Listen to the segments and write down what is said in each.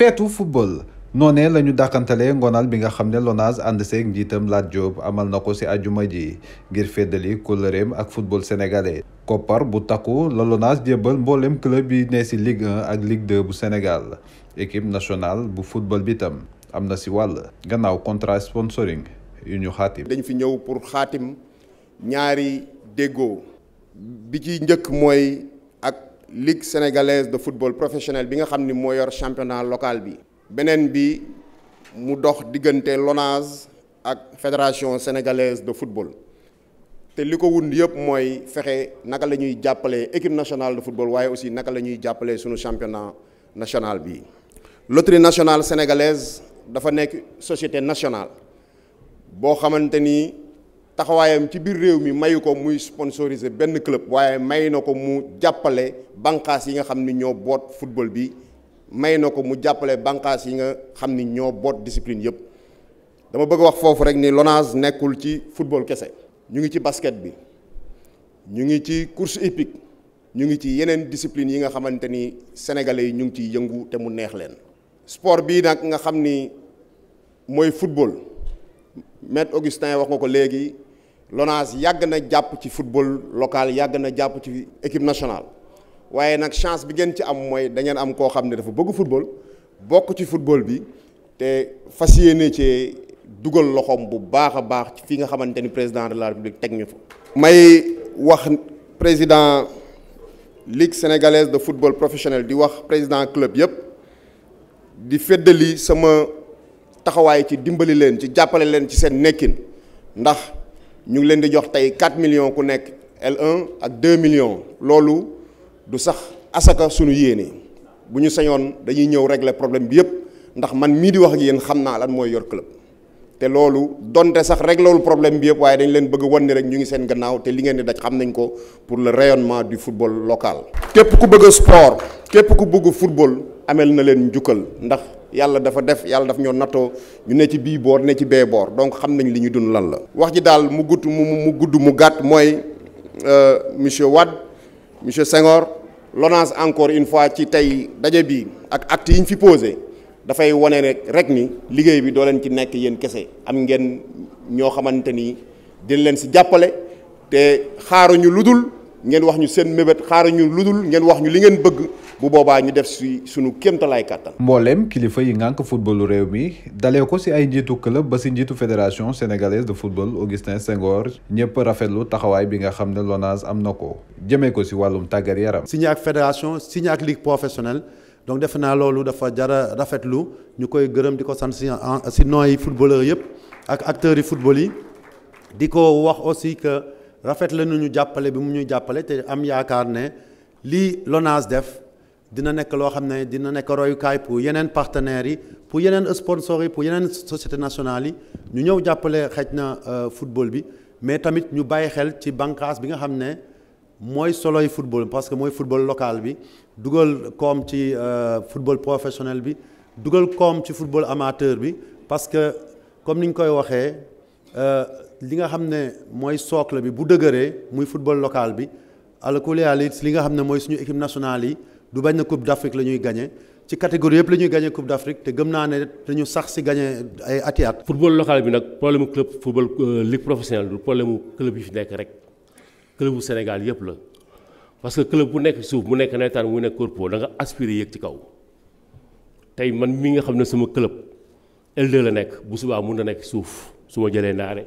feetu football noonee la ñu dàqantalee ngonal bi nga xam ne LONASE ànd seeg njiitam Lat Diop amal na ko ci ajuma ji ngir feddali kóllëreem ak football sénégalais koppar bu takku la LONASE jébbal mboolem club yi ne ci Ligue ak lig 2 bu Sénégal équipe nationale bu football bi tam am na ci wàll gannaaw contrat sponsoring yu ñu xaatim. dañ fi ñëw pour xaatim ñaari déggoo bi ci njëkk mooy. ligue sénégalaise de football professionnel bi nga xam ni championnat local bi. beneen bi mu dox diggante fédération sénégalaise de football te li ko wund yëpp mooy fexe naka la ñuy équipe nationale de football waaye aussi naka la ñuy jàppale championnat national bi. nationale sénégalaise dafa une société nationale boo xamante taxawaayam ci biir réew mi mayu ko muy sponsoriser benn club waaye may na ko mu jàppale banqaas yi nga xam ni ñoo boot football bi may na ko mu jàppale banqaas yi nga xam ni ñoo boot discipline yëpp dama bëgg wax foofu rek ni LONASE nekkul ci football kese ñu ngi ci basket bi ñu ngi ci course hippique ñu ngi ci yeneen discipline yi nga xamante ni sénégalais yi ñu ngi ciy yëngu te mu neex leen sport bii nag nga xam ni mooy football Maître Augustin wax nga ko léegi LONASE yàgg na jàpp ci football locale yàgg na jàpp ci équipe nationale waaye nag chance bi ngeen ci am mooy dangeen am koo xam ne dafa bëgg football bokk ci football bi te fas yéene cee dugal loxoom bu baax a baax ci fi nga xamante ni président de la république teg ñu fa. may wax président ligue sénégalaise de football professionnel di wax président club yëpp di feddali sama taxawaay ci dimbali leen ci jàppale leen ci seen nekkin ndax. ñu ngi leen di jox tey 4 millions ku nekk L1 ak 2 millions loolu du sax asaka suñu yéene bu ñu sañoon dañuy ñëw régler problème bi yëpp ndax man mii di wax ak yéen xam naa lan mooy yor club te loolu donte sax réglewul problème bi yëpp waaye dañ leen bëgg wan ni rek ñu ngi seen gannaaw te li ngeen di daj xam nañ ko pour le rayonnement du football local. képp ku bëgg sport képp ku bëgg football amel na leen njukkal ndax. yàlla dafa def yàlla daf ñoo nattoo ñu ne ci bii boor ne ci bee boor donc xam nañ li ñuy dund lan la. wax ji daal mu gudd mu mu gudd mu gàtt mooy euh, monsieur Wade monsieur Senghor l'ONAS encore une fois ci tey daje bi ak acte yi ñu fi posé dafay wane rek rek ni liggéey bi doo leen ci nekk yéen kese am ngeen ñoo xamante ni dina leen si jàppale te xaaruñu dul ngeen wax ñu seen mébét xaaral ñu ludul ngeen wax ñu li ngeen bëgg bu boobaa ñu def si suñu kéemtalaay kàttan. mbooleem kilifa yi ngànk footballu réew mi dalee ko si ay njiitu club ba si njiitu fédération sénégalaise de football Augustin sengor ñëpp rafetlu taxawaay bi nga xam ne LONASE am na ko jëmee ko si wàllum tàggat yaram. signé ak fédération signé ak ligue professionnelle donc def naa loolu dafa jara rafetlu ñu koy gërëm di ko sant si si nooy footballeur yëpp ak acteurs yi football yi di ko wax aussi que. rafet la nu ñu jàppale bi mu ñuy jàppale te am yaakaar ne lii LONASE def dina nekk loo xam ne dina nekk royukaay pour yeneen partenaires yi pour yeneen sponsors yi pour yeneen société nationale yi ñu ñëw jàppale xëj na euh, football bi mais tamit ñu bàyyi xel ci bànqaas bi nga xam ne mooy soloy football parce que mooy football local bi dugal koom ci euh, football professionnel bi dugal koom ci football amateur bi parce que comme ni ñu koy waxee euh, li nga xam ne mooy socle bi bu dëgëree muy football local bi àlakulial it li nga xam ne mooy suñu équipe nationale yi du bañ na coupe d'Afrique la ñuy gagné ci catégorie yëpp la ñuy gagné coupe d'Afrique te gëm naa ne dañu sax si gagné ay ati at football local bi nag problème club football euh, ligue professionnelle du problème club yi fi nekk rek club bu Sénégal yëpp la parce que club bu nekk suuf mu nekk nawetaan mu nekk corpo da nga aspirer yéeg ci kaw tey man mi nga xam ne sama club l la nekk bu subaa mun na nekk suuf su ma jëlee naare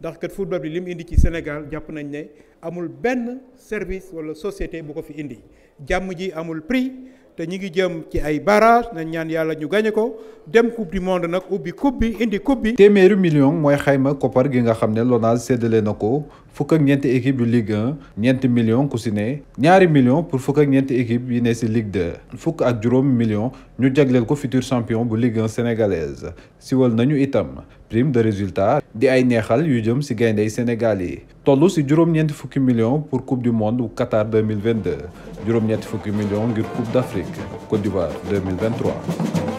ndax kat football bi lim indi ci Sénégal japp nañ ne amul benn service wala société bu ko fi indi jàmm ji amul prix te ñi ngi jëm ci ay barrage nañ ñaan yàlla ñu gagné ko dem coupe du monde nag ubbi coupe bi indi coupe bi. téeméeri million mooy xayma koppar gi nga xam ne LONASE séddale na ko fukk ak ñeenti équipe du Ligue 1 ñeenti million ku si ne ñaari million pour fukk ak ñeenti équipe yi ne si Ligue 2 fukk ak juróom million ñu jagleel ko futur champion bu Ligue 1 sénégalaise siwal nañu itam. prime de résultat di ay neexal yu jëm ci gayndey Sénégal yi toll ci juróom-ñeenti fukki millions pour coupe du monde bu Qatar 2022 juróom-ñeenti fukki millions ngir coupe d'Afrique Côte d'Ivoire 2023